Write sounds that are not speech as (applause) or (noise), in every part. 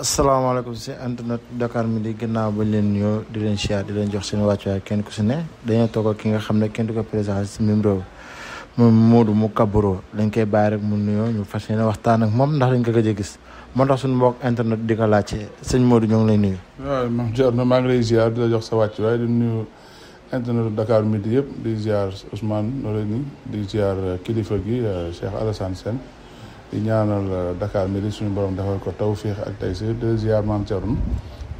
asalaamaaleykum si internet Dakar Midi gannaaw bañ leen nuyoo di leen siyaar di leen jox seen wàccuwaay kenn ku si ne dañoo toog ki nga xam ne kenn du ko présenté si même réew moom Modou mu Kaburo dañ koy bàyyi rek nuyoo ñu fas yéene waxtaan ak moom ndax dañ ko gëj a gis moo tax suñu mbokk internet di ko laajte sëñ Modou ñoo ngi lay nuyu. waaw moom Thierno maa ngi lay ziar di la jox sa wàcc wàccuwaay di nuyu internet Dakar Midi yëpp di ziar Ousmane Noreyni di ziar kilifa gi Cheikh Alassane Sène. di ñaanal euh, Dakar midi suñu borom dafa ko taw tawféex ak taysiir di ziar maam Thierno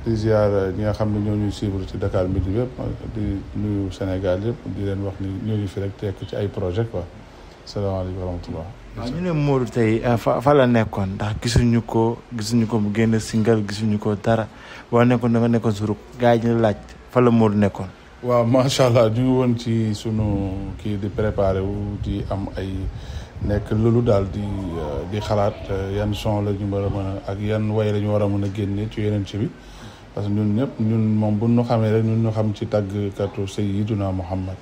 di ziar euh, ñi nga xam ne ñoo ñuy suivre ci Dakar midi yëpp di nuyu Sénégal yëpp di leen wax ni ñoo fi rek tekk ci ay projet quoi salaamaaleykum wa rahmatullah. waaw ñu ne Modou tey euh, fa la nekkoon ndax gisuñu ko gisuñu ko mu génn single gisuñu ko dara waa nekkoon da nekkoon su ruuk gars yi ñu laaj fa la Modou nekkoon. waaw macha allah ñu woon ci suñu kii di préparé wu di am ay. nekk loolu daal di euh, di xalaat euh, yan son la ñu war a mën ak yan woy la ñu war a mën a génne ci yeneen ci bi parce que ñun ñëpp ñun moom bu nu xamee rek ñun ñu xam ci tàgg katu sayyiduna Muhammad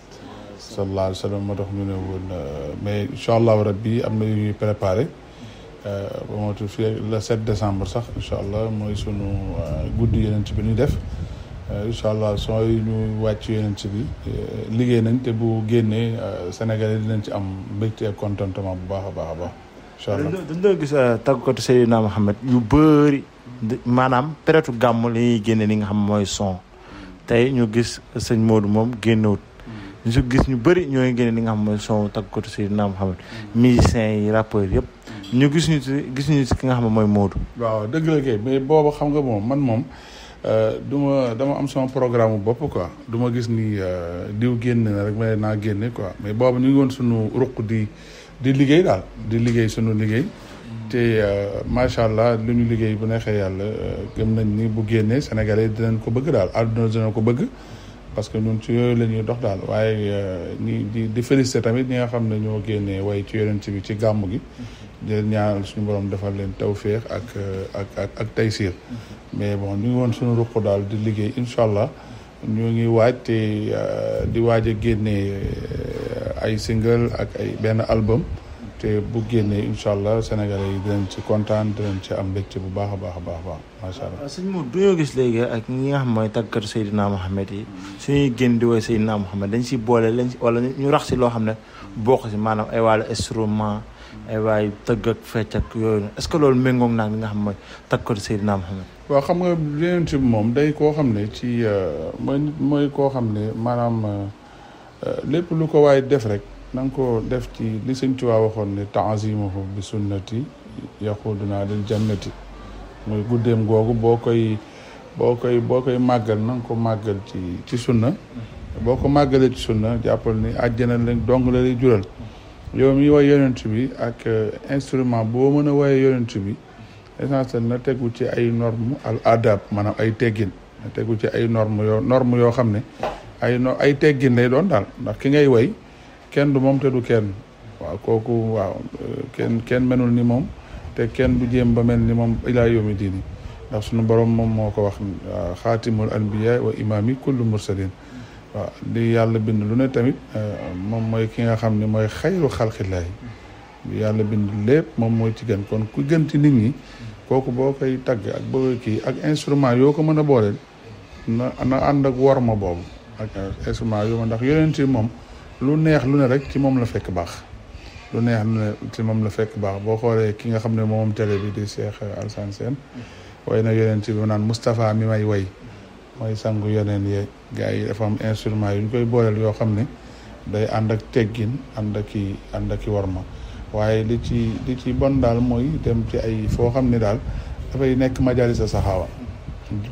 sallallahu alayhi wa sallam ma tax ñu ne woon euh, mais incha allahu rabbi am na yu ñuy préparé ba moo tudd fii le 7 décembre sax incha allah mooy sunu guddi yeneen ci bi ñuy def Euh, incha allah sooy ñu wàcc yonent bi euh, liggéey nañ te bu génnee euh, Sénégalais dinañ ci am mbégte ak contentement bu baax a baax a baax. incha allah dañ doon gis tàggukatu Seydina Mohamed yu bëri maanaam période gàmm li ñuy génne li nga xam mooy son tey ñu gis sëñ Modou moom génnewut ñu gis ñu bëri ñoo ngi génne nga xam mooy son tàggukatu Seydina Mohamed musiciens yi rappeurs yëpp ñu gis ñu ci gis ñu ci ki nga xam mooy Modou. waaw dëgg la kay xam nga moom man moom. Euh, du ma dama am sama programme bopp quoi du ma gis ni euh, diw génn na rek ma naa génne quoi mais boobu ñu ngi woon suñu ruq di di liggéey daal di liggéey suñu liggéey. te euh, macha allah lu ñu liggéey bu neexee yàlla gëm nañ ni bu génnee di dinañ ko bëgg daal àdduna dinañ ko bëgg. parce que ñun ci yooyu la ñuy dox daal waaye ñi di di félicité tamit ñi nga xam ne ñoo génnee way ci yonent bi ci gàmm gi. di leen ñaanal suñu borom defal leen tawféex ak euh, ak ak ak taysiir mm-hmm. mais bon ñu ngi woon suñu ruq daal di liggéey incha allah ñu ngi waaj te euh, di waaj a génne euh, ay single ak ay benn album te bu génnee incha allah yi dinañ ci kontaan dinañ ci am mbégte bu baax a baax a baax baax machallah allah. Ah, sëñ Modou gis léegi ak ñi nga xam mooy tàggatu Seydina Mohamed yi suñuy génn di woy Seydina Mohamed dañ si boole lañ wala ñu rax si loo xam ne bokk si maanaam ay wàllu instrument. ay waaye tëgg ak fecc ak yooyu est-ce que loolu méngoog naag li nga xam mooy takkatu Seydina Mohamed waaw xam nga yeneen ci moom day koo xam ne ci euh, mooy mooy koo xam ne maanaam euh, euh, lépp lu ko waaye def rek na ko def ci li sëñ Tuubaa waxoon ne ta'zimuhu bi sunnati yaquduna lil jannati mooy guddeem googu boo koy boo koy boo koy màggal na nga ko màggal ci ci sunna boo ko màggalee ci sunna jàppal ni àjjana lañ dong la lay jural yow mi woy yonent bi ak euh, instrument boo mën a woyee yonent bi essentiel na tegu ci ay norme al adab maanaam ay teggin na tegu ci ay norme yoo yoo xam ne ay no ay teggin lay doon daal ndax ki ngay woy kenn du moom te du kenn waaw kooku waaw euh, kenn kenn menul ni moom te kenn du jéem ba mel ni moom ilaa yawmi diini ndax sunu borom moom moo ko wax euh, xaatimul anbiya wa imaami kullu mursalin waaw li yàlla bind lu ne tamit euh, moom mooy ki nga xam ne mooy xayru xalqillaay yàlla bind lépp moom mooy ci gën kon ku gën ci nit ñi kooku boo koy tagg ak boo kii ak instrument yoo ko mën a boole na na ànd ak ma boobu ak instrument yoo ma ndax yonent ci moom lu neex lu ne rek ci moom la fekk baax lu neex lu ci moom la fekk baax boo xoolee ki nga xam ne moom tele bi di Cheikh Alassane Sène way na yonent bi naan Moustapha mi may way mooy sangu yeneen yee gars yi dafa am instrument yu ñu koy booyal yoo xam ne day ànd ak teggin ànd ak i ànd ak war ma waaye li ci li ci bon daal mooy dem ci ay foo xam ne daal dafay nekk majalisa saxaawa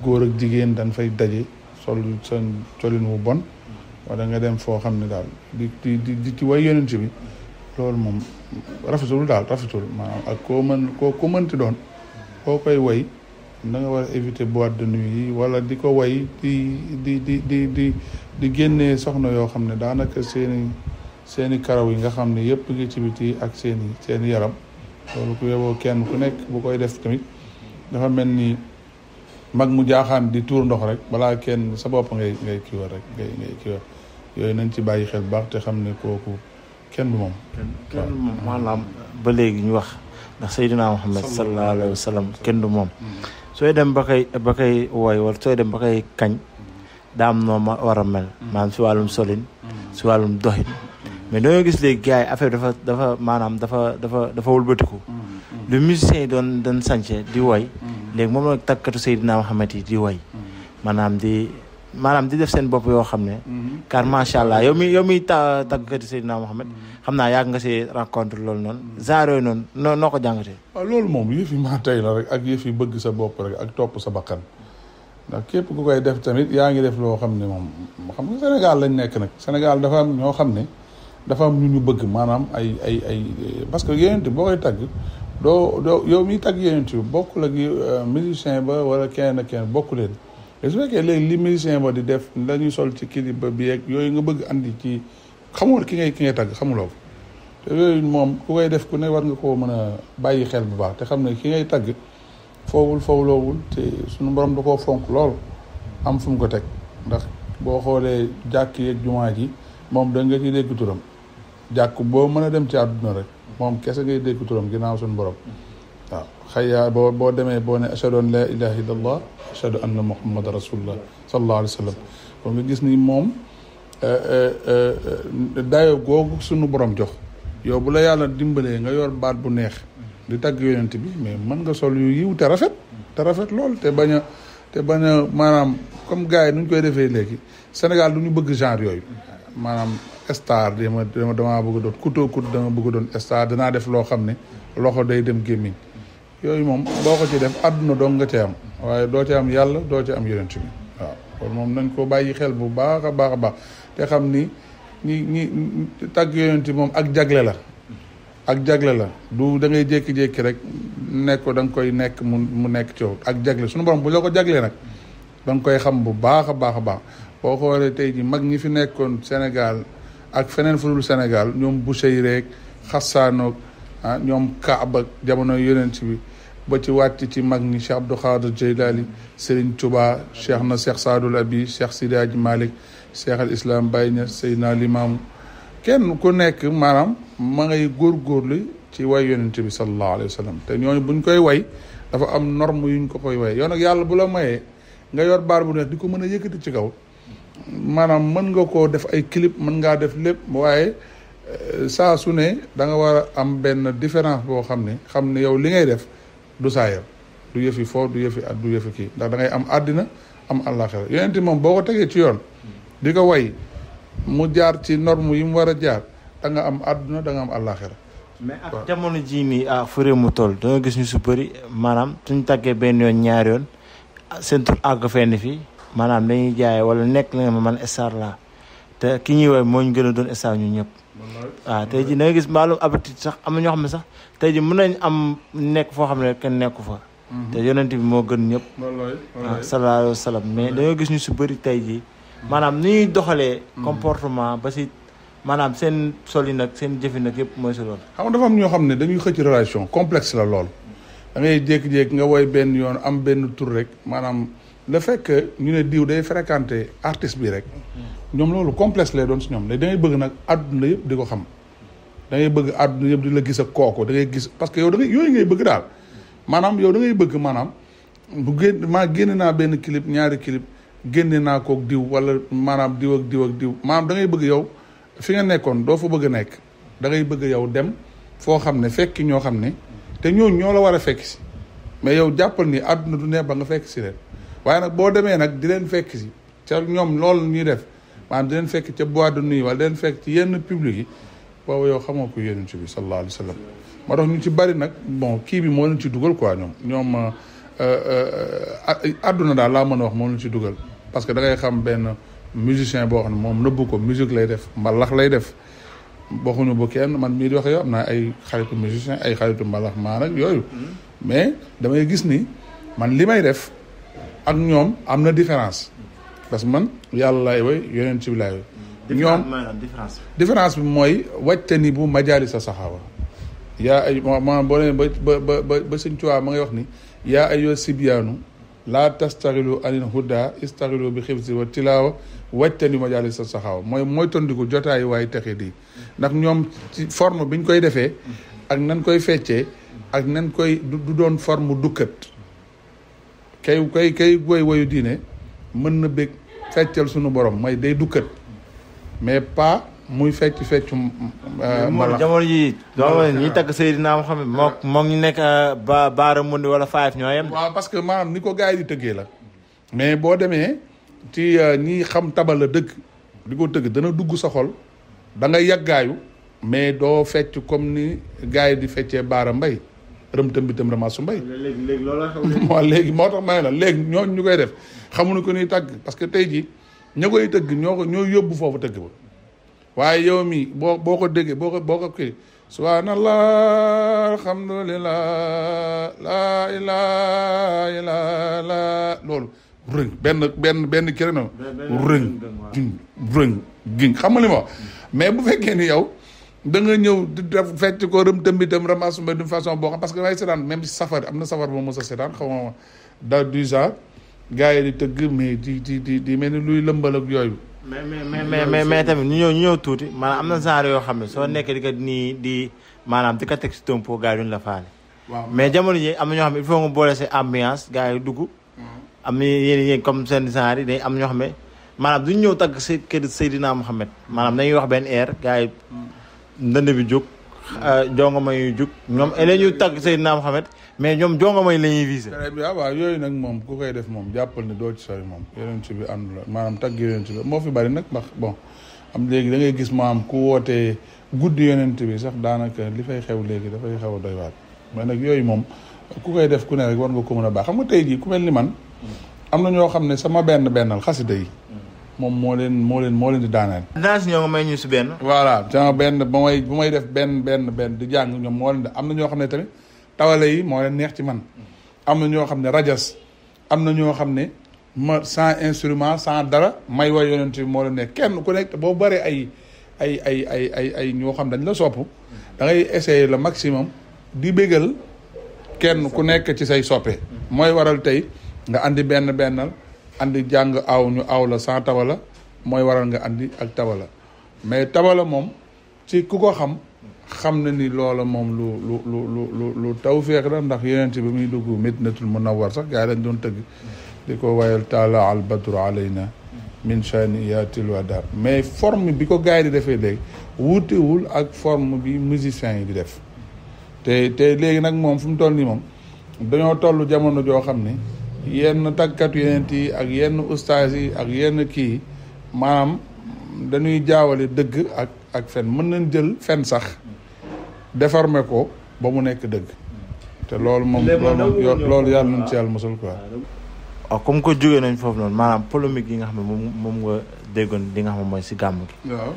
góor ak jigéen dañ fay daje sol seen colin wu bon wala nga dem foo xam ne daal di di di ci way yonent bi loolu moom rafetul daal rafetul maanaam ak koo mën koo ko mënti doon koo koy way da nga war a éviter boîte de nuit yi wala di ko way di di di di di di génnee soxna yoo xam ne daanaka seeni seeni karaw yi nga xam ne yëpp ngi ci biti ak seeni seeni yaram loolu ku yeboo kenn ku nekk bu koy def tamit dafa mel ni mag mu jaaxaan di tuur ndox rek balaa kenn sa bopp ngay ngay kiiwal rek ngay ngay yooyu nañ ci bàyyi xel baax te xam ne kooku kenn du moom maanaam ba léegi ñu wax ndax Seydina Muhammad sallallahu alayhi wa sallam kenn du moom mm-hmm. soo dem ba koy ba koy woy wala sooy dem ba koy kañ daa am noo ma war a mel mm. maanaam si wàllum solin mm. si wàllum doxin mais dañoo gis léegi gars yi affaire dafa dafa maanaam dafa dafa dafa wëlbatiku mm. lu musiciens yi doon doon di woy léegi moom la takkatu Seydina Muhammad yi di way maanaam di maanaam di def seen bopp yoo xam ne car mm-hmm. allah yow mi yow miy ta takkatu Seydina Muhammad xam naa yàgg nga see rencontre loolu noonu genre yooyu noonu noo noo ko jàngatee waaw loolu moom yëf yi tey la rek ak yëf yi bëgg sa bopp rek ak topp sa bakkan ndax képp ku koy def tamit yaa ngi def loo xam ne moom xam nga Sénégal lañ nekk nag Sénégal dafa am ñoo xam ne dafa am ñu ñu bëgg maanaam ay ay ay parce que yonent boo koy tagg doo doo yow miy tagg yonent yi bokkul ak euh, musicien ba wala kenn ak kenn bokku leen su fekkee léegi li musicien di def la ñuy sol ci kiliba bi yeeg yooyu nga bëgg andi ci xamoo ki ngay ki ngay xamuloo ko te loolu moom ku koy def ku ne war nga koo mën a bàyyi xel bu baax te xam ne ki ngay tagg foowul foowloowul te suñu borom da koo fonk lool am fu ko teg ndax boo xoolee jàkk yeeg jumaa ji moom da nga ciy dégg turam jàkk boo mën a dem ci àdduna rek moom kese ngay dégg turam ginnaaw suñu borom waaw xëya boo boo demee boo ne ashadu an laa ilaha illa allah ashadu anna muhammadan rasulullah sallallahu alayhi wa sallam kon nga gis moom Eh, eh, eh, dayo googu sunu borom jox yow bu la yàlla dimbalee nga yor baat bu neex di tagg yonent bi mais mën nga sol yu yiw te rafet te rafet lool te bañ a te bañ maanaam comme gars yi nu ñu koy defee léegi Sénégal du ñu bëgg genre yooyu maanaam star dama damaa bëgg doon kutoo kut dama bëgg doon star danaa def loo xam ne loxo day dem gémmiñ yooyu moom boo ko ci def àdduna dong nga cee am waaye doo ci am yàlla doo ci am yonent bi waaw moom nañ ko bàyyi xel bu baax a baax a baax te xam ni ñi ñi tàgg yonent moom ak jagle la ak jagle la du da ngay jékki-jékki rek nekk ko koy nekk mu mu nekk ci ak jagle suñu borom bu ñoo ko jaglee nag da koy xam bu baax a baax a baax boo xoolee tey ji mag ñi fi nekkoon Sénégal ak feneen fu dul Sénégal ñoom bu seyreek xasaanoog ah ñoom Kaaba jamono yonent bi ba ci wàcc ci mag ñi Cheikh Abdou Khadir Jeylaani Serigne Touba Cheikh na Cheikh Sadul Abi Cheikh Sidi Hadji Malick Cheikh al Islam Baye Niass Seydina Limaamu kenn ku nekk maanaam ma ngay góorgóorlu ci way yonent bi sallallahu alayhi wa sallam te ñooñu buñ koy way dafa am norme yuñ ko koy way yow nag yàlla bu la mayee nga yor baar bu neex di ko mën a yëkkati ci kaw maanaam mën nga koo def ay clip mën ngaa def lépp waaye eh, saa su ne da nga war a am benn différence boo xam ne xam ne yow li ngay def du saayal du yëfi foo du yëfi at du yëfi kii ndax da ngay am àddina am àllaaxira yonent moom boo ko tegee ci yoon di ko way mu jaar ci norme yi mu war a jaar da nga am àdduna da nga am àllaaxira mais ak jamono jii nii ah fure mu toll da gis ñu su bëri maanaam suñ tàggee benn yoon ñaari yoon seen tur àgg fenn fii maanaam dañuy jaay wala nekk na ma man star te ki ñuy woy moo ñu gën a doon star ñu ñëpp tey ji da gis maalum appétit sax am na ñoo xam ne sax tey ji mën nañ am nekk foo xam ne kenn nekku fa mhm. te yonent bi moo gën ñëpp sallallahu alayhi wa sallam mais da gis ñu su bëri tey ji maanaam ni ñuy doxalee. Mm-hmm. comportement ba si maanaam seen solin ak seen jëfin ak yëpp mooy si loolu. xam nga ñoo xam ne dañuy xëcc relation complexe la lool da ngay jékki nga woy benn yoon am benn tur rek maanaam la fekk ñu ne diw day fréquenter artiste bi rek. Mm-hmm. ñoom loolu complexe lay doon si ñoom léegi da bëgg nag àdduna yëpp di ko xam. da ngay bëgg àdduna yëpp di la gis a kooku dangay gis parce que yow da yooyu ngay bëgg daal maanaam yow da ngay bëgg maanaam bu génn maa génn naa benn clip ñaari clip génne naa kook diw wala maanaam diw ak diw ak diw maanaam da bëgg yow fi nga nekkoon doo fa bëgg a nekk dangay bëgg yow dem foo xam ne fekk ñoo xam ne te ñooñu ñoo la war a fekk si mais yow jàppal ni àdduna du ne ba nga fekk si leen waaye nag boo demee nag di leen fekk si ca ñoom loolu ñuy def maanaam di leen fekk ca bois de nuit wala deen fekk ci yenn public yi boobu yow xamoo ko yonent bi sallallahu alayhi wa ma moo tax ñu ci bari nag bon kii bi moo leen ci dugal quoi ñoom ñoom ma euh, euh, euh, àdduna daal laa mën a wax moo leen ci dugal parce que da ngay xam benn musicien boo xam ne moom nëbbu ko musique lay def mbalax lay def waxuñu bu kenn man mii di wax yow am naa ay xaritu musicien ay xaritu mbalax maa nag yooyu mm-hmm. mais damay gis ni man li may def ak ñoom am na différence parce que man yàlla laay woy yeneen ci bi woy ñoom différence bi mooy wàjte ni bu majaali sa saxaawa yaa ay ma boo wax ni yaa laa tastaxilu anil huda istaxilu bi laa wa tilaawa wajtani majalis sa saxaaw mooy mooy jotaayu jotaayi waaye texe di ndax ñoom ci forme biñ koy defee ak nañ koy feccee ak nan koy du doon forme dukkat kay kay kay woy woyu diine mën na bég feccal sunu borom mooy day dukkat mais pas muy fecc feccu euh, mbalax jamono ji jamono ñi takk Seydina Mohamed moo moom ñu nekk euh, ba baara mundi wala five ñoo yem parce que maanaam ni ko gars yi di tëggee la mais boo demee ci euh, ñi xam tabala dëgg di ko tëgg dana dugg sa xol da ngay yàggaayu mais doo fecc comme ni gars yi di feccee baara mbay rëmtëm bi tam ramasu mbay (laughs) léegi léegi moo tax may la léegi ñoo ñu koy def xamuñu ko ñuy tagg parce que tey ji ña koy tëgg ñoo ñoo yóbbu foofu tëgg ba waaye yow mi boo boo ko déggee boo ko boo ko kii subhanallah alhamdulillah laa ilaha illallah loolu rëng benn benn benn kéréno rëng gin rëng gin xam nga li ma hmm. mais bu fekkee ni yow da nga ñëw di def fecc ko rëm tëmbi tam ramas ma d'une façon boo xam parce que dafay seetaan même si safari am na safar boo mos a seetaan xaw ma da du genre gars yi di tëgg mais di di di di mel ni luy lëmbal ak yooyu mais mais mais mais tamit ñu ñëw ñu ñëw tuuti maanaam am na genre yoo xam ne soo hmm. nekkee di nii di maanaam di ko teg si tompo gars yi duñ la faale. waaw mais jamono ji am ñoo xam ne il faut nga boole si ambiance gars yi dugg. Hmm. am na yeneen comme seen genre yi day am ñoo xam ne maanaam duñ ñëw tagg si kër Seydina Mohamed maanaam dañuy wax benn air gars yi hmm. ndënd bi jóg. jongo euh, may yu jug ñoom la ñu tagg Seydina Mohamed mais ñoom jongo may la ñuy visé waaw yooyu nag moom ku koy def moom jàppal ne doo ci sori moom yonent bi àndul maanaam tagg yonent bi moo fi bari nag ndax bon am léegi da ngay gis maam ku wootee guddi yonent bi sax daanaka li fay xew léegi dafay xew a doy waat mais nag yooyu moom ku koy def ku ne rek war nga ko mën a baax xam nga tey jii ku mel ni man am na ñoo xam ne sama benn bennal xasida yi moom moo leen moo leen moo leen di daaneel. danse ñoo nga may ñu si benn. voilà sama benn ba may ba may def benn benn benn di jàng moo leen di am na ñoo xam ne tamit tawale yi moo leen neex ci man. am na ñoo xam ne rajas am na ñoo xam ne ma sans instrument sans dara may way yonent bi moo leen neex kenn ku nekk boo bari ay ay ay ay ay ay ñoo xam dañ la sopp da ngay essayer le maximum di bégal kenn ku nekk ci say soppe. mooy waral tey nga indi benn bennal. andi jàng aw ñu aw la sans tabala mooy waral nga andi ak tabala mais tabala moom ci ku ko xam xam na ni loola moom lu lu lu lu lu tawféex la ndax yonent bi muy dugg Madinatul Munawwar sax gaa yi dañ doon tëgg di ko wayal taala al badru alayna min shaniyatil daal mais forme bi ko gars di defee léegi wutewul ak forme bi musiciens yi di def te te léegi nag moom fu mu toll nii moom dañoo toll jamono joo xam ni yenn tàggkat yeneen yi ak yenn ustaas yi ak yenn kii maam dañuy jaawale dëgg ak ak fen mën nañ jël fen sax déformé ko ba mu nekk dëgg te loolu moom loolu yàlla nañ ci yàlla mosul quoi waaw ah, comme que jógee nañ foofu noonu maanaam polémique yi nga xam ne moom moom nga déggoon li nga xam mooy si gàmm gi waaw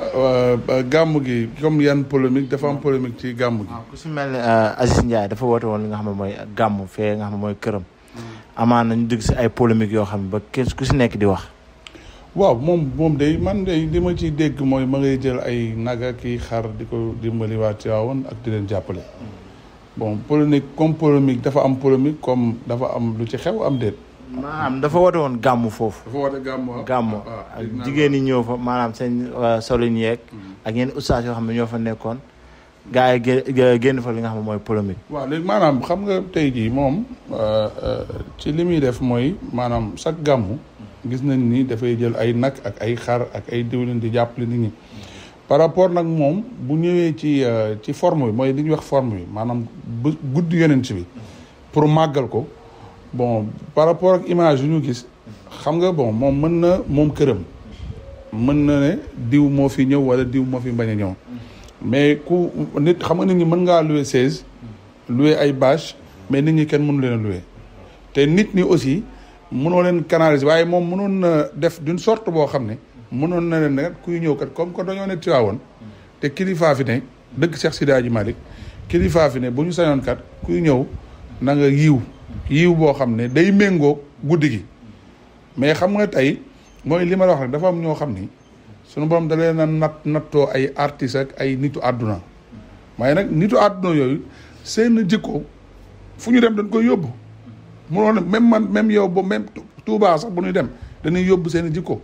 Euh, euh, gàmm gi comme yan polémique dafa am polémique ci gàmm gi. Ah, ku si mel ne euh, Aziz Ndiaye dafa woote woon li nga xam ne mooy gàmm fee nga xam ne mooy këram. amaan nañu dégg si ay polémique yoo xam ne ba kenn ku si nekk di wax. waaw moom moom day man day li ma ci dégg mooy ma ngay jël ay naga kii xar di ko dimbali waa Tiwaawan ak di leen jàppale. bon polémique comme polémique dafa am polémique comme dafa am lu ci xew am déet. maanaam dafa woote woon gàmmu foofu. dafa woote gàmmu waaw ah, gàmmu ah, ah, jigéen ñi ñëw fa maanaam seen euh, solin yeeg. Mm-hmm. ak yenn ustaas yoo xam ne ñoo fa nekkoon. gars yi génn fa li nga xam mooy polémique. waaw léegi xam nga tey jii moom euh, euh, ci li muy def mooy maanaam chaque gàmmu. gis na ni dafay jël ay nag ak ay xar ak ay diwlin di jàppale nit ñi. par rapport nag moom bu ñëwee ci ci forme bi mooy li ñuy wax forme bi maanaam bu guddi si bi pour màggal ko. bon par rapport ak image yu ñu gis xam nga bon moom mën na moom këram mën na ne diw moo fi ñëw wala diw moo fi bañ ñëw mais ku nit xam nga nit ñi mën ngaa louer seize louer ay bâche mais nit ñi kenn mënu leen a te nit ñi aussi mënoo leen canalise waaye moom mënoon na def d'une sorte boo xam ne mënoon na leen nag kuy ñëw kat comme que dañoo ne Tiwaawoon te kilifaa fi ne dëkk Cheikh Sidi Hadji Malick kilifaa fi ne bu ñu sañoon kat kuy ñëw nanga yiw yiw boo xam ne day méngoo guddi gi mais xam nga tey mooy li ma la rek dafa am ñoo xam ni sunu borom da na a natt nattoo ay artistes ak ay nitu àdduna waaye nag nitu àdduna yooyu seen jikko fu ñu dem dañ koy yóbbu munoon ne même man même yow ba même Touba bu ñuy dem dañuy yóbbu seen jikko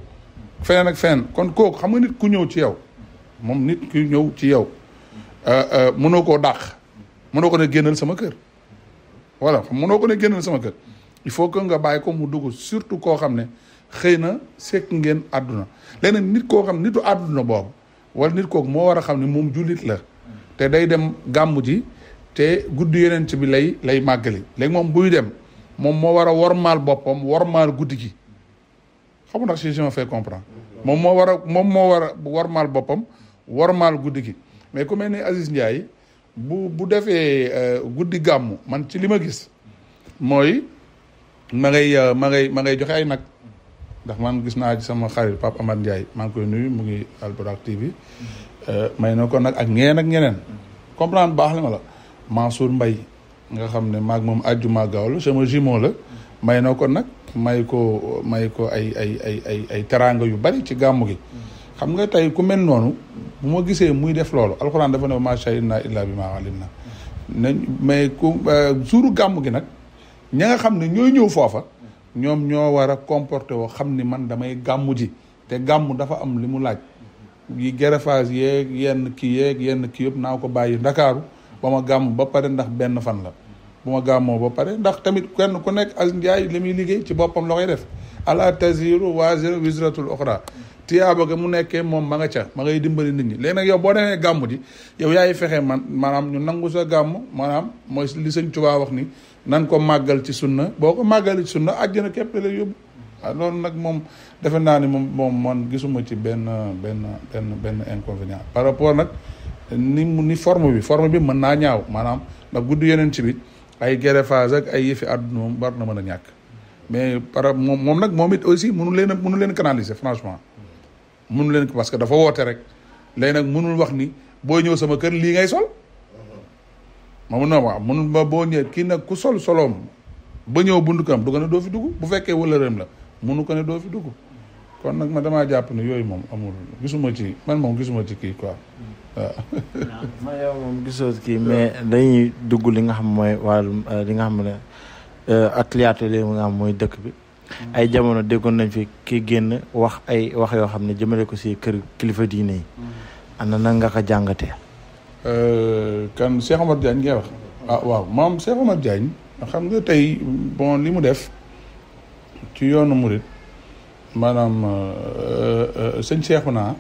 feneen ak feneen kon kooku xam nga nit ku ñëw ci yow moom nit ku ñëw ci yow euh, euh, mënoo koo dàq mënoo ko ne génnal sama kër voilà mënoo ko ne génnal sama kër il faut que nga bàyyi ko mu dugg surtout koo xam ne xëy na sekk ngeen àdduna léegi nit koo xam nitu àdduna boobu wala nit kook moo war a xam ne moom jullit la te day dem gàmmu ji te guddi yeneen ci bi lay lay màggali léegi moom buy dem moom moo war a maal boppam wormaal guddi gi xam nga ndax si je me moom moo war a moom moo war a wormaal guddi gi mais ku mel ni Aziz Ndiaye bu bu defee euh, guddi gàmmu man ci li ma gis mooy ma ngay euh, ma ngay ma joxe ay nag ndax man gis naa ci sama xarit Pape Amad Ndiaye maa ngi koy nuyu mu ngi active TV euh, may na ko nag ak ñeneen ak ñeneen comprendre baax la ma la Mansour mbay nga xam ne maag moom àjjuma gaaw la sama jumeau la may na ko nag may ko may ko ay ay ay ay ay teraanga yu bari ci gàmmu gi xam nga tey ku mel noonu bu ma gisee muy def loolu alxuraan dafa ne maa shahidnaa illaa bimaa alimnaa nañ mais ku euh, suuru gàmm gi nag ña nga xam ne ñooy ñëw foofa ñoom ñoo war a comporté woo xam ni man damay gàmm ji te gàmm dafa am li mu laaj yi gërëfaas yeeg yenn kii yeeg yenn kii yëpp naa ko bàyyi ndakaaru ba ma gàmm ba pare ndax benn fan la bu ma gàmmoo ba pare ndax tamit kenn ku nekk as njaay li muy liggéey ci boppam la def ala taziru waziru wisratul tiyaaba ga mu nekkee moom ma nga ca ma ngay dimbali nit ñi léegi nag yow boo demee gàmm di yow yaay fexe man maanaam ñu nangu sa gàmm maanaam mooy li sëñ Tuubaa wax ni nan ko màggal ci sunna boo ko màggali ci sunna àjjana képp la yóbbu ah nag moom defe naa ni moom moom man gisuma ci benn benn benn benn inconvénient par rapport nag ni mu ni forme bi forme bi mën naa ñaaw maanaam ndax gudd yeneen ci bi ay gerefaas ak ay yëfi àdduna moom na mën a ñàkk mais par moom moom nag moom it aussi munu leen a mënu leen canaliser franchement mënu leen ko parce que dafa woote rek léegi nag mënul wax ni boo ñëw sama kër lii ngay sol ma mun na wax mënul ma boo ñëwee kii nag ku sol soloom ba ñëw buntu kaam du ko ne doo fi dugg bu fekkee wala rëm la mënu ko ne doo fi dugg kon nag ma damaa jàpp ne yooyu moom amul gisuma ci man moom gisuma ci kii quoi waaw. (laughs) ma yow moom gisoo kii mais dañuy dugg li nga xam mooy wàllum li nga xam ne euh, ak clientèle li nga xam mooy dëkk bi. ay jamono déggoon nañ fi ki génn wax ay wax yoo xam ne jëmale ko si kër kilifa diine yi. ana na nga ko jàngatee. Euh, kan Cheikh Omar Diagne ngay wax. ah waaw maam Cheikh Omar xam nga tey bon li mu def ci yoonu murit maanaam euh, euh, sëñ Cheikhouna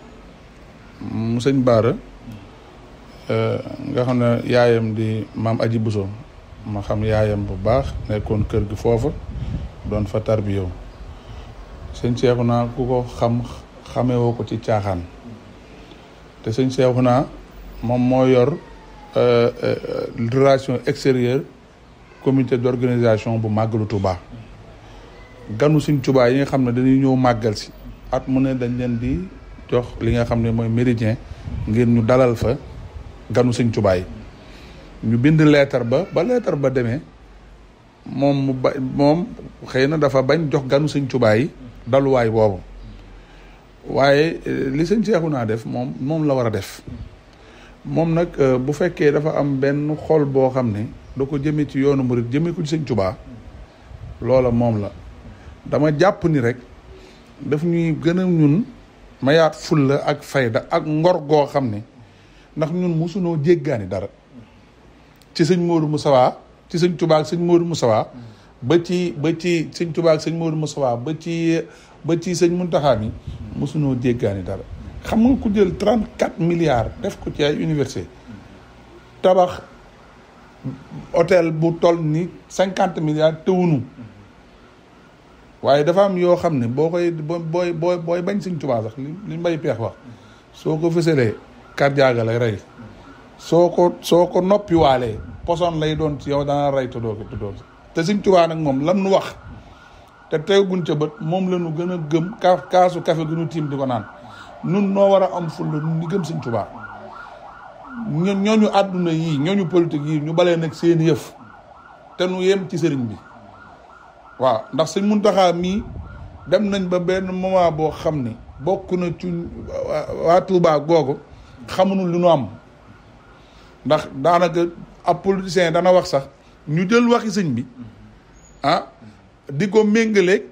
mu sëñ Baara nga xam ne yaayam di maam Aji Bousso ma xam yaayam bu baax nekkoon kër gi foofa. doon fa tarbiyaw sëñ Seexuna ku ko xam xamewoo ko ci caaxaan te sëñ naa moom moo yor euh, euh, relation extérieure comité d'organisation bu màggalu Touba ganu suñ Touba yi nga xam ne dañuy ñëw màggal si at mu ne dañ leen di jox li nga xam ne mooy méridien ngir ñu dalal fa ganu sëñ Touba ñu bind leetar ba ba leetar ba demee moom mu ba moom xëy na dafa bañ jox ganu sëñ Tuubaa yi daluwaay boobu waaye eh, li sëñ seexu naa def moom moom la war a def moom nag eh, bu fekkee dafa am benn xol boo xam ne da ko jëmee ci yoonu murit jëmee ko ci sëñ Tuubaa loola moom la dama jàpp ni rek daf ñuy gën a ñun mayaat fulla ak fayda ak ngor goo xam ne ndax ñun mosunoo jéggaani dara ci sëñ mu sawaa ci sëñ Tuubaa ak sëñ Modou Moustapha ba ci ba ci sëñ Tuubaa ak sëñ Modou Moustapha ba ci ba ci sëñ Muntaxa mi mosunoo jéggaani dara xam nga ku jël trent quatre milliards def ko ci ay université tabax hôtel bu toll ni cinquante milliards tëwunu waaye dafa am yoo xam ne boo koy booy booy booy bañ sëñ Tuubaa sax li li peex wax soo ko fësalee kàr jaaga rey soo ko soo ko noppiwaalee poson lay doon ci yow dana rey te doo te doo te nag moom lan nu wax te teguñ ca bët moom la nu gën a gëm ka kaasu kafe gu ñu tiim di ko naan nun noo war a am fulla nun ni gëm Sëñ Tuubaa ñooñu àdduna yi ñooñu politique yii ñu balee nag seen yëf te nu yem ci sëriñ bi waaw ndax Sëñ Muntaxaa mii dem nañ ba benn moment boo xam ne bokk na ci waa Tuubaa googu xamuñu lu nu am ndax daanaka ab politicien dana wax sax ñu jël waxi sëñ bi ah di ko méngaleeg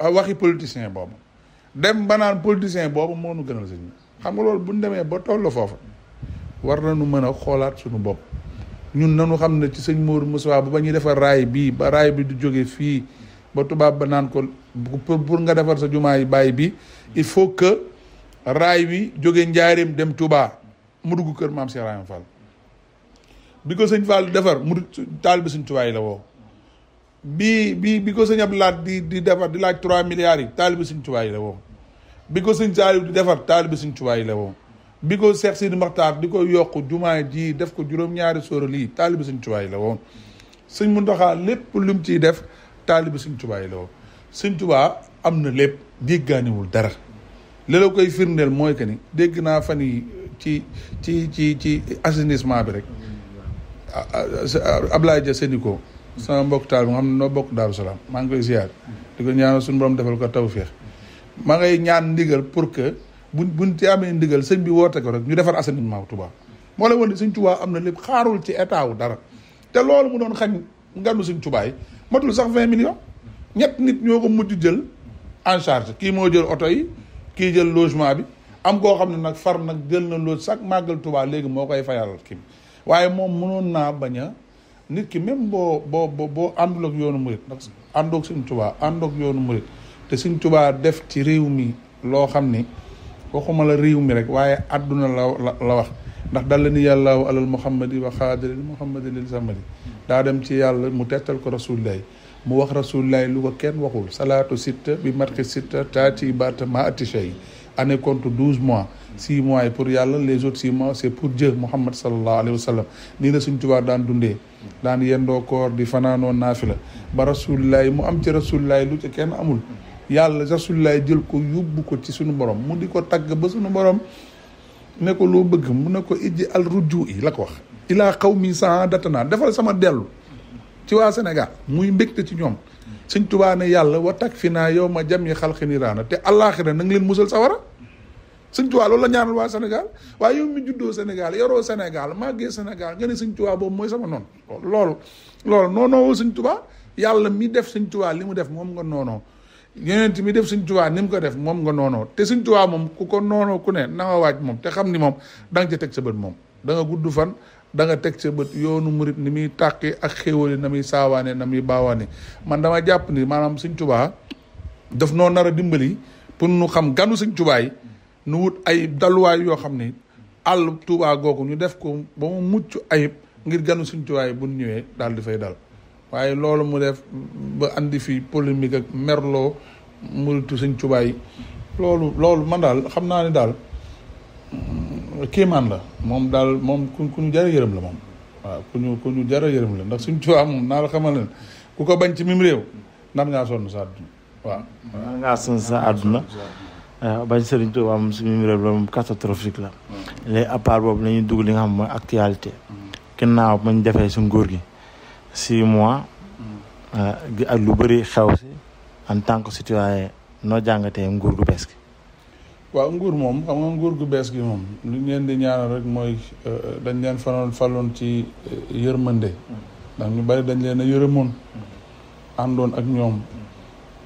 ah, waxi politicien boobu dem ba naan politicien boobu moo nu gënal sëñ bi xam nga loolu bu ñu demee ba toll foofa war na nu mën a xoolaat sunu bopp ñun nañu xam ne ci sëñ Mourou bu ba ñuy defar raay bii ba raay bi du jóge fii ba tubaab ba naan ko pour nga defar sa jumaa yi bàyyi bi il faut que raay bi jóge njaareem dem tubaa mu dugg kër maam Cheikh Ibrahima Fall bi ko sëñ Fall defar mu taalibe sëñ Tuubaa yi la woo bi bi bi ko sëñ Abdou Lahad di di defar di laaj trois milliards yi taalibe sëñ Tuubaa la woo bi ko sëñ Saliou di defar taalibe sëñ Tuubaa la woo bi ko Seex Sidi Maxtaar di ko yokk jumaa ji def ko juróom-ñaari sóora lii taalibe sëñ Tuubaa yi la woo sëñ Muntaxaa lépp lu mu ciy def taalibe sëñ Tuubaa yi la woo sëñ Tuubaa am na lépp déggaaniwul dara li koy firndeel mooy que ni dégg naa fan yi ci ci ci ci assainissement bi rek Ablaye Dia Séniko sama mbokk taal bi nga xam ne noo bokk Daaru Salaam maa ngi koy ziar di ko ñaan suñ borom defal ko tawféex maa ngay ñaan ndigal pour que buñ buñ ci amee ndigal sëñ bi woote ko rek ñu defar assainissement Touba moo la woon ne sëñ Touba am na lépp xaarul ci état wu dara te loolu mu doon xañ nganu sëñ Touba sax vingt millions ñett nit ñoo ko mujj jël en charge kii moo jël oto yi kii jël logement bi am koo xam ne nag far nag jël na lool chaque màggal léegi moo koy fayal kim waaye moom mënoon naa bañ a nit ki même boo boo boo àndul ak yoonu murit ndax àndoo ak Sëñ Tuubaa àndoo ak yoonu te Sëñ Tuubaa def ci réew mi loo xam ni waxuma la réew mi rek waaye àdduna la la wax ndax dal la ni yàllaahu alal muhammadi wa xaadalil muhammadi lil samadi daa dem ci yàlla mu tettal ko rasulillahi mu wax rasulillahi lu ko kenn waxul salaatu sitta bi marqi sitta taati baata ma atiché yi année compte douze mois six mois pour yàlla les autres six mois c'est pour Dieu Muhammad sallallahu alayhi wa sallam nii la suñ tubaab daan dundee daan yendoo koor di fanaanoo naafila ba rasulillahi mu am ci rasulillahi lu ci kenn amul yàlla rasulillahi jël ko yóbbu ko ci suñu borom mu di ko tagg ba suñu borom ne ko loo bëgg mu ne ko ijji al rujuu yi la ko wax ilaa xaw mi naa defal sama dellu ci waa Sénégal muy mbégte ci ñoom suñ tubaab ne yàlla wa tag fi naa yow ma jam yi xalqi niraana te àllaaxira na leen musal sawara sëñ Tuubaa loolu la ñaanal waa Sénégal waaye yow mi juddoo Sénégal yoroo Sénégal màggee Sénégal nga ne sëñ Tuubaa boobu mooy sama noonu loolu loolu noonoo sëñ Tuubaa yàlla mi def siñ Tuubaa li mu def moom nga noonoo yeneen mi def sëñ Tuubaa ni mu ko def moom nga noonoo te sëñ moom ku ko noonoo ku ne na moom te xam ni moom da ca teg sa bët moom da gudd fan danga teg sa bët yoonu murit ni muy tàqi ak xéwali na muy saawaane na muy baawaane man dama jàpp ni maanaam sëñ Tuubaa def noo nar a dimbali pour nu xam ganu sëñ Tuubaa yi nu wut ay dalluwaay yoo xam ne àll Tuubaa googu ñu def ko ba mu mucc ayib ngir ganu suñ tuwaay bu ñëwee daal di dal waaye loolu mu def ba andi fi polémique ak merloo muritu suñ tubaay loolu loolu man daal xam naa ne daal kéemaan la moom daal moom ku ku ñu jara yërëm la moom waaw ku ñu ku ñu jara yërëm la ndax suñ tubaab moom naa la xamal ne ku ko bañ ci mim réew nar ngaa sonn sa àdduna waaw nar ngaa sonn sa àdduna Euh, bañ Sëriñ Tuubaa moom suñu réew la moom catastrophique la mm. léegi à part boobu la dugg li nga xam mooy actualité mm. naaw mañ defee su nguur gi si mois mm. euh, gi ak lu bari xew si en tant que citoyen noo jàngatee nguur gu bees gi waaw nguur moom xam nga nguur gu bees gi moom lu ngeen di ñaanal rek mooy euh, dañ leen faloon faloon ci yërmande ndax ñu bari dañ leen a yërëmoon àndoon ak ñoom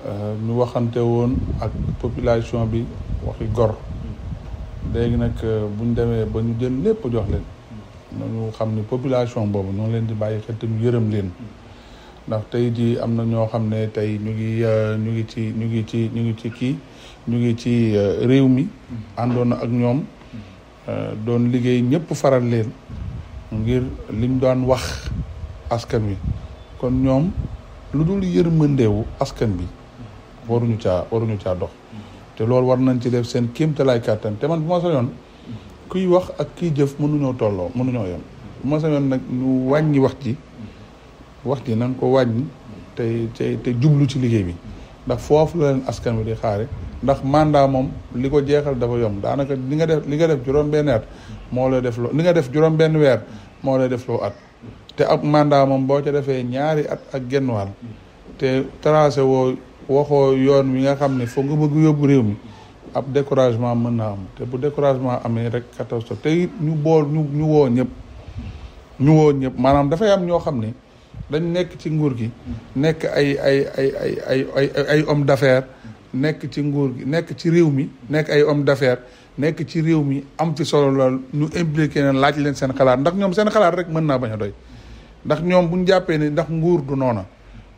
ñu euh, waxante woon ak population bi waxi gor léegi nag euh, buñ demee ba ñu jël lépp jox leen nañu xam ni population boobu ñoo leen di bàyyi xetam yërëm leen ndax tey jii am na ñoo xam ne tey ñu ngi euh, ñu ngi ci ñu ngi ci ñu ngi ci kii ñu ngi ci réew mi àndoon na ak ñoom doon liggéey ñëpp faral leen ngir liñ doon wax askan wi kon ñoom lu dul yërmandeewu askan bi waruñu caa waruñu caa dox te loolu war nañ ci def seen kéemtalaay kàttan te man bu ma sañoon kuy wax ak kiy jëf mënuñoo tolloo mënuñoo yem bu ma nag ñu wàññi wax ji wax ji nañ ko wàññi te te te jublu ci liggéey bi ndax foofu la leen askan wi di xaare ndax mandat moom li ko jeexal dafa yomb daanaka li nga def li nga def juróom-benn moo lay def loo li def juróom weer moo lay def loo at te ab mandat moom boo ca defee ñaari at ak genn waal te tracé woo waxoo yoon wi nga xam ne foog nga bëgg yóbbu réew mi ab découragement mën naa am te bu découragement amee rek catastrophe te it ñu bool ñu ñu woo ñëpp ñu ñëpp maanaam dafay am ñoo xam ne dañ nekk ci nguur gi nekk ay ay ay ay ay ay ay homme d'affaires nekk ci nguur gi nekk ci réew mi nekk ay homme d'affaires nekk ci réew mi am fi solo lool ñu impliqué leen laaj leen seen xalaat ndax ñoom seen xalaat rek mën naa bañ a doy ndax ñoom bu ñu jàppee ni ndax nguur du noona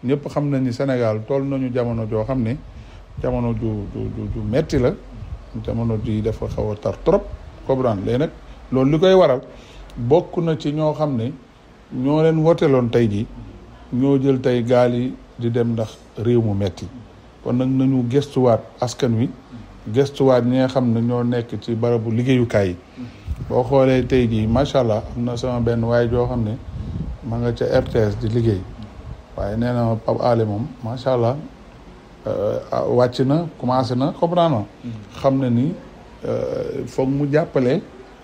ñëpp xam nañ ni Sénégal toll nañu jamono joo xam ne jamono ju ju ju metti la jamono ji dafa xaw tar trop comprendre léegi nag loolu li koy waral bokk na ci ñoo xam ne ñoo leen woteeloon tey ji ñoo jël tey gaal yi di dem ndax réew mu metti kon nag nañu gëstuwaat askan wi gëstuwaat ñi nga xam ne ñoo nekk ci barabu liggéeyukaay yi boo xoolee tey jii macha allah am na sama benn waay joo xam ne ma nga ca RTS di liggéey waaye nee na Pape Ali moom macha allah euh, ah, wàcc na commencé na comprendre xam na ni euh, foog mu jàppale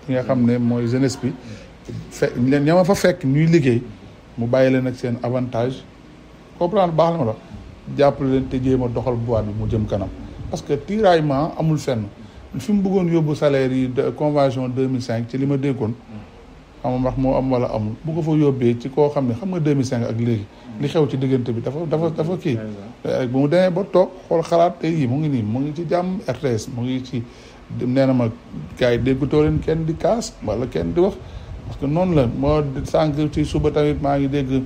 ki nga xam ne mooy jeunesse bi fe ña ma fa fekk ñuy liggéey mu bàyyi leen ak seen avantage comprendre baax la ma la jàppale leen te jéem a doxal boîte bi mu jëm kanam parce que tiraillement amul fenn fi mu buggoon yóbbu salaire yi de convention deux mille cinq ci li ma déggoon xama ndax moo am wala amul bu ko fa yóbbee ci koo xam ne xam nga 2005 ak léegi li xew ci diggante bi dafa dafa dafa kii eh, bu mu demee ba toog xool xalaat tey yi mu ngi nii mu ngi ci jàmm RTS mu ngi ci nee na ma gars yi déggutoo leen kenn di kaas wala kenn di wax que noonu la moo sànq ci suba tamit maa ngi dégg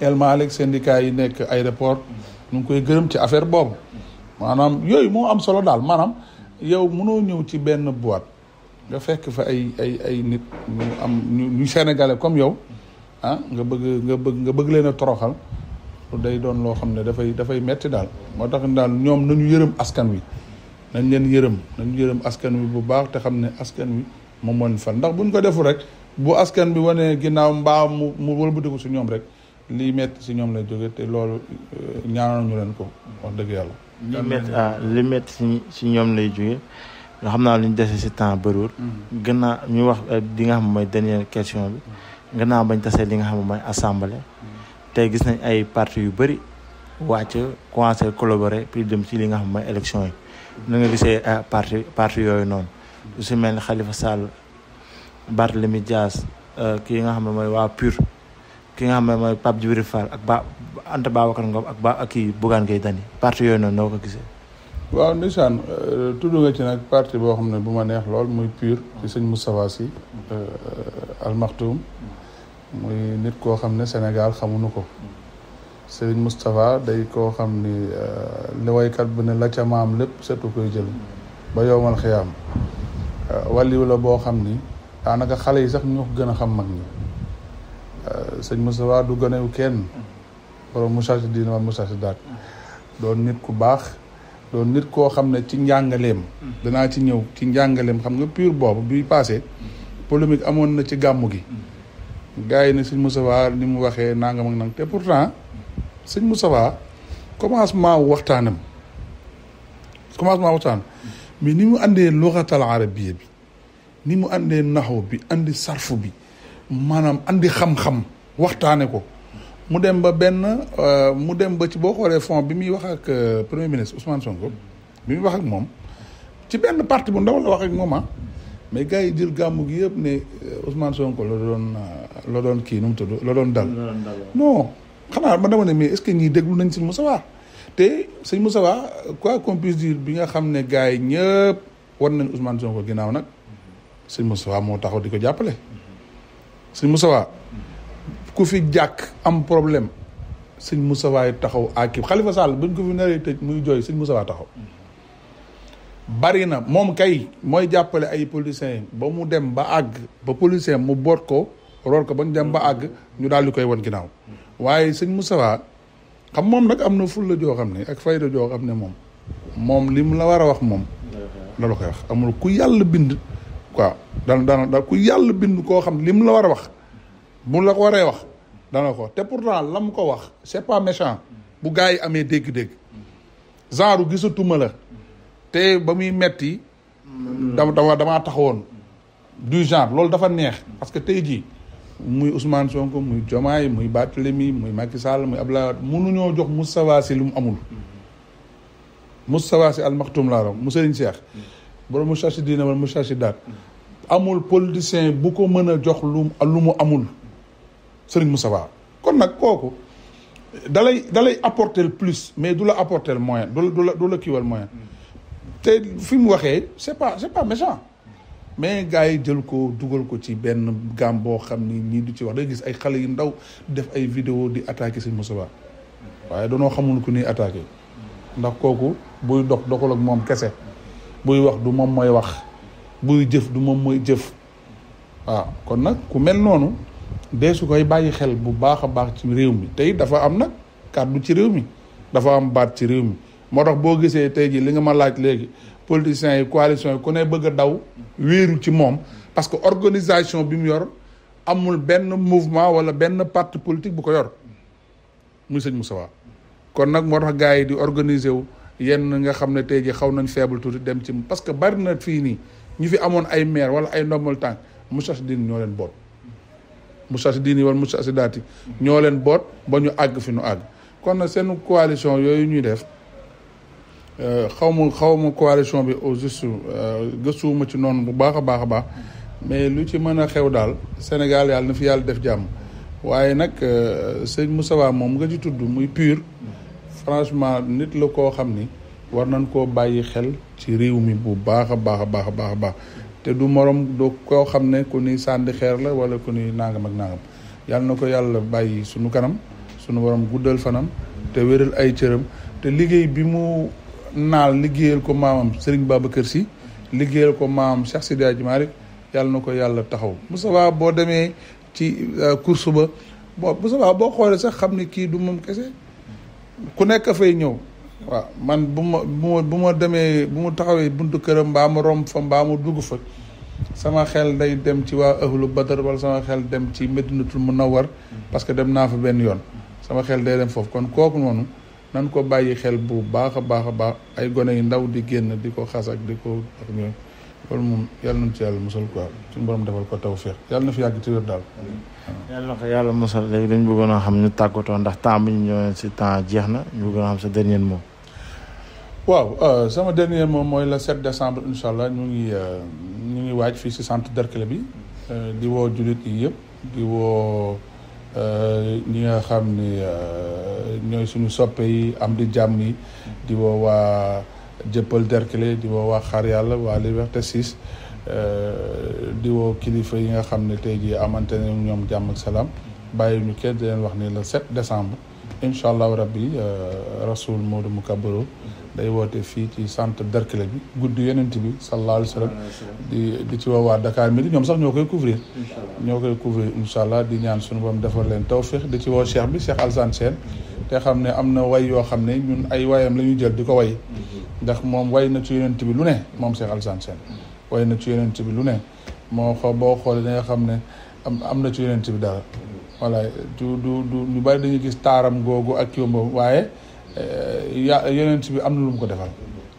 El Malick syndicat yi nekk aéroport mu ngi koy gërëm ci affaire boobu maanaam yooyu moo am solo daal maanaam yow mënoo ñëw ci benn boîte nga fekk fa ay ay ay nit ñu am ñu sénégalais comme yow ah nga bëgg nga bëgg nga bëgg leen a toroxal lu day doon loo xam ne dafay dafay metti daal moo tax daal ñoom nañu yërëm askan wi nañ leen yërëm nañu yërëm askan wi bu baax te xam ne askan wi moom moo fal ndax buñ ko deful rek bu askan bi wanee ginnaaw mbaa mu mu wëlbatiku si ñoom rek lii metti si ñoom lay jóge te loolu euh, ñaanoon ñu leen ko wax dëgg yàlla li metti si ah, ñoom lay jóge nga xam naa lu ñu dese si temps bëriwul. Mm-hmm. gën naa ñu wax euh, li nga xam mooy dernière question bi. Mm-hmm. gën naa bañ tasee li nga xam mooy assemblée. Mm-hmm. tey gis nañ ay parti yu bëri wàcc commencé collaborer puis dem ci li nga xam mooy élection yi. na nga gisee euh, parti yooyu noonu. lu si xalifa ni Khalifa Sall Barthélemy Dias euh, kii nga xam ne mooy waa PUR. ki nga xam ne mooy Pape Djibril Fall ak ba Anta Babacar Ngom ak ba ak kii Bougane Gueye Dany parti yooyu noonu noo ko gisee. waaw ndeysaan euh, tudd nga ci nag parti boo xam ne bu ma neex lool muy piir ci sëñ Moustapha si euh, almaxtuum muy nit koo xam ne Sénégal xamuñu ko sëñ Moustapha day koo xam ni euh, li waykat bu ne la ca maam lépp setu koy jël ba yowmal xiyaam wàlliw la boo xam ni daanaka xale yi sax ñoo ko gën a xam mag ñi sëñ Moustapha du gënewu kenn borom Moustarchidina wal Moustarchidaat doon nit ku baax doon nit koo xam ne ci njàngaleem. Mm. danaa ci ñëw ci njàngaleem xam nga pur boobu bii passé polémique amoon na ci gàmmu gi. Mm. gars yi ne sëñ Moustapha ni mu waxee nangam ak nang te pourtant sëñ Moustapha commencement waxtaanam commencement waxtaan mm. mais ni mu àndee luxatal arabiyya bi ni mu àndee naxaw bi andi sarfu bi maanaam andi xam-xam waxtaane ko. mu dem ba benn euh, mu dem ba ci boo xoolee fond bi muy wax ak euh, premier ministre Ousmane Sonko bi muy wax moom ci benn parti bu ndaw la wax ak moom ah. mais gars yi jël gàmmu gi yëpp ne euh, Ousmane Sonko la doon doon kii nu mu tudd la doon dal. non xanaa ma dama ne mais est-ce que ñii déglu nañ sëñ Moussa Wa te sëñ Moussa Wa quoi qu'on puisse dire bi nga xam ne gars yi ñëpp war nañ Ousmane Sonko ginnaaw nag sëñ Moussa Wa moo taxaw di ko jàppale sëñ Moussa Wa ku fi jàkk am problème sëñ Moussa waay taxaw akib xalifa Sall bañ ko fi naree tëj muy jooy sëñ Moussa waay taxaw bari na moom kay mooy jàppale ay policiers ba mu dem ba àgg ba policier mu boot ko roor ko ba ñu dem ba àgg ñu daal di koy won ginaaw waaye sëñ Moussa waay xam moom nag am na fulla joo xam ne ak fayda joo xam ne moom moom li mu la war a wax moom la la koy wax amul ku bind quoi dana dana ku yàlla bind koo xam li mu la war a wax bu la ko waree wax dana ko te pourtant la mu ko wax c'est pas méchant bu gars yi amee dégg-dégg genre gisatuma la te ba muy metti dama dama damaa taxawoon du genre loolu dafa neex parce que tey jii muy Ousmane Sonko muy Diomaye muy Barthélemy muy Macky Sall muy Abdoulaye Wade mënuñoo jox Moustapha Sy lu mu amul Moustapha Sy almaxtum laa rom mu Serigne Cheikh borom Moustapha Sy diine wala Moustapha Sy daat amul politicien bu ko mën a jox lu lu mu amul Serigne Moustapha kon nag kooku dalay dalay apporter plus mais du la apporter moyen du la du la kiiwal moyen te fi mu waxee c'est pas c'est pas méchant mais gars yi jël ko dugal ko ci benn gaam boo xam ni nii du ci wax day gis ay xale yu ndaw def ay vidéo di attaquer Serigne Moustapha waaye danoo xamul ku ñuy attaque ndax kooku buy dox doxul ak moom kese buy wax du moom mooy wax buy jëf du moom mooy jëf waaw kon nag ku mel noonu deesu koy bàyyi xel bu baax a baax ci réew mi tey dafa am nag kàddu ci réew mi dafa am baat ci réew mi moo tax boo gisee tey jii li nga ma laaj léegi politiciens yi coalition yi ku ne bëgg a daw wéeru ci moom parce que organisation bi mu yor amul benn mouvement wala benn parti politique bu ko yor muy mu Moustapha kon nag moo tax gars yi di organiser wu yenn nga xam ne tey jii xaw nañ faible tuuti dem ci parce que bari na fii nii ñu fi amoon ay maire wala ay ndombal tànk Moustarchidine ñoo leen boot musaasi diini wal musaasi daati ñoo leen boot ba ñu àgg fi ñu àgg kon na seen coalition yooyu ñuy def euh, xaw ma xaw ma coalition bi au juste euh, gësuwuma ci noonu bu baax a baax a baax mais lu ci mën a xew daal Sénégal yàlla na fi yàlla def jàmm waaye nag euh, sëñ Moustapha moom nga ci tudd muy pur franchement nit la koo xam ni war nañ koo bàyyi xel ci réew mi bu baax a baax a baax baax a baax te du moroom doo koo xam ne ku ni sànni xeer la wala ku ni nangam ak nangam yàlla na ko yàlla bàyyi sunu kanam sunu borom guddal fanam te wéral ay cëram te liggéey bi mu naal liggéeyal ko maamam Serigne Babacar Sy liggéeyal ko maamam Cheikh Sidi Hadji Malick yàlla na ko yàlla taxaw Moustapha boo demee ci euh, course ba boo Moustapha boo xoolee sax xam ne kii du moom kese ku nekk fay ñëw waaw man bu ma bu ma bu ma demee bu mu taxawee buntu këram mbaa ma romb fa mbaa mu dugg fa sama xel day dem ci waa ahlu badar wala sama xel dem ci medinatul munawwar parce que dem naa fa benn yoon sama xel day dem foofu kon kooku noonu nan ko bàyyi xel bu baax a baax a baax ay gone yu ndaw di génn di ko xas ak di ko ak ñoom loolu moom yàlla nañu ci yàlla musal quoi suñu borom defal ko tawféex yàlla na fi yàgg ci wér daal. yàlla na ko musal léegi dañ bëggoon a xam ñu tàggatoo ndax temps bi ñu si temps jeex na ñu bëggoon a xam sa dernier mot. waaw euh, sama dernier moom mooy le 7 décembre incha allah ñu ngi euh, ñu ngi waaj fii si sant Derklé bi euh, di woo jullit yi yëpp diwoo woo ñi nga xam ni ñooy suñu soppe yi am di jàmm yi di woo waa Jëppal Derklé di woo waa Xaar Yàlla waa Liberté 6 di woo kilifa yi nga xam ne tey jii amante ne ñoom jàmm ak salaam bàyyi ñu kenn di leen wax ni le 7 décembre. incha allahu rabbi euh, rasul Modou Moukabaro day woote fii ci sant Derklé bi guddi yonent bi sallallahu alayhi wa di di ci woowaa Dakar midi ñoom sax ñoo koy couvrir ñoo koy couvrir incha allah di ñaan suñu borom defal leen tawfiq di ci woo cheikh bi cheikh Alsane Sène te xam ne am na way yoo xam ne ñun ay wayam la ñuy jël di ko way mhm. ndax moom way na ci yonent bi lu ne moom cheikh Alsane Sène way ci yonent bi lu ne moo xoo boo xoolee da nga xam ne am am na ci yonent bi daal voilà du du du ñu bari dañuy gis taaram googu ak kiwam boobu waaye eh, ya yeneent bi am na lu mu ko defal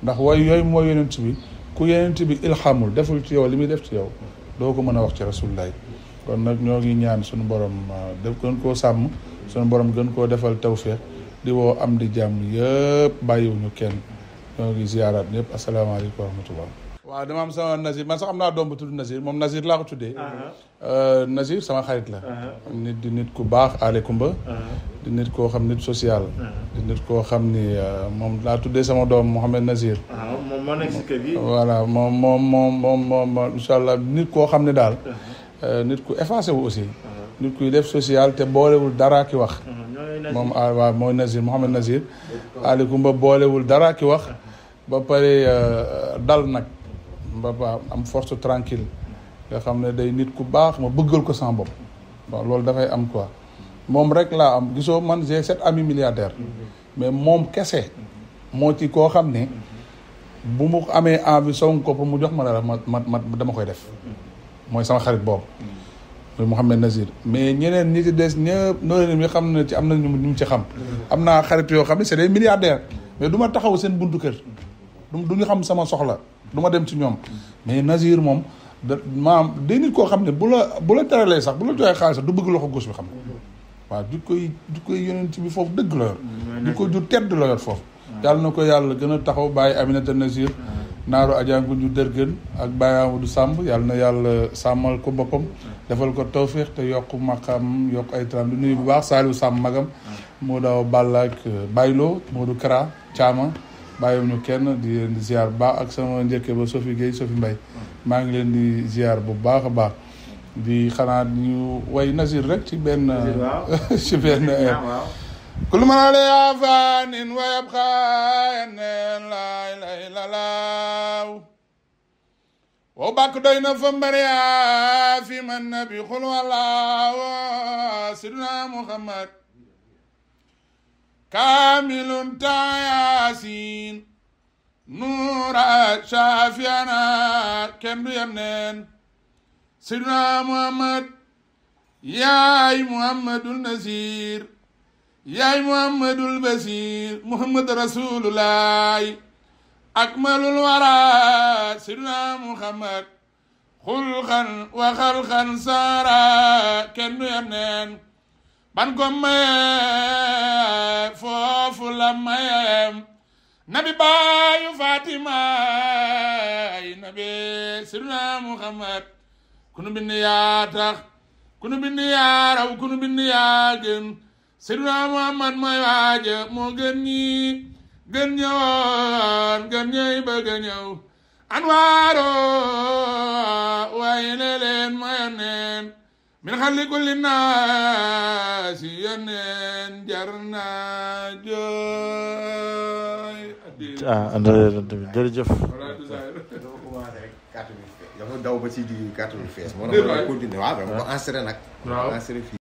ndax way yooyu mooy yonent bi ku yonent bi ilhamul deful ci yow li muy def ci yow doo ko mën a wax ci rasulullah kon nag ñoo ngi ñaan suñu borom ah, def gën koo sàmm suñu borom gën koo defal tawféex di woo am di jàmm yëpp bàyyiwuñu kenn ñoo ngi ziyaaraat ñëpp asalaamaaleykum wa rahmatullah waaw dama am sama Nazir man sax am naa doom bu tudd Nazir moom Nazir laa ko tuddee. Euh, Nazir sama xarit la. nit di nit ku baax aale kumba. di nit koo xam nit social. di nit koo xam ni euh, moom laa tuddee sama doom Mouhamed Nazir. waaw moom moo nekk si kër gi. voilà moom moom moom moom moom nit koo xam ne daal. Euh, nit ku effacé wu aussi. nit kuy def social te boolewul dara ki wax. moom ah, waaw mooy Nazir Mouhamed Nazir. aale kumba boolewul dara ki wax. ba pare dal nag. ba am force tranquille nga xam ne day nit ku baax ma bëggal ko sama bopp waaw loolu dafay am quoi moom rek laa am gisoo man j'ai sept amis milliardaires mais moom kese moo ci koo xam ne bu mu amee envie song ko pour mu jox ma dara ma ma dama koy def mooy sama xarit boobu muy Mouhamed Nazir mais ñeneen ñi ci des ñëpp noonu mi xam ne ci am na ñu mu ci xam am naa xarit yoo xam ne c'est des milliardaires mais duma ma taxaw seen buntu kër du ñu xam sama soxla du ma dem ci ñoom mais Nazir moom da maam day nit koo xam ne bu la bu la teralee sax bu la joxee xaalis du bëgg loxo gos bi xam waaw du koy du koy yonent bi foofu dëgg la yor ko ju tedd la yor foofu yàlla na ko yàlla gën a taxaw bàyyi Aminata Nazir naaru ajangu ñu dërgën ak Baye du Samb yàlla na yàlla sàmmal ko boppam defal ko tawféex te yokk maqam yokk ay tram du nuyu bu baax Saliou Samb magam moo daaw Balla ak euh, moo du Kara Thiama bàyyiwuñu kenn di leen di ziar bu baax ak sama njëkke ba Sophie Guèye Sophie maa ngi leen di ziar bu baax a baax di xanaa ñu way Nasir rek ci (laughs) ci benn كل من عليها فان ويبقى ان لا اله الا الله وباك دينا فمبريا في من نبي خلو الله كامل تياسين نور شافينا كم يمنين سيدنا محمد ياي محمد النذير ياي محمد البشير محمد رسول الله أكمل الورى سيدنا محمد خلقا وخلقا سارا كن يمنين ban ko maye foofu la maye nabi baayu fatima nabi sirna muhammad kunu bind yaa tax kunu bind yaa raw kunu bind yaa gën sirna muhammad mooy waaja moo gën ñi gën ñëwoon gën ñëy bëgg ñëw waaye ne leen maye min xalliku linnaasi yoneen jar naa jooy. ah Anta jërëjëf. dama commencé rek carte bi fees dafa daw ba si di carte bi fees. moo tax ma continué waaw dama ko enserré nag. waaw enserré fii.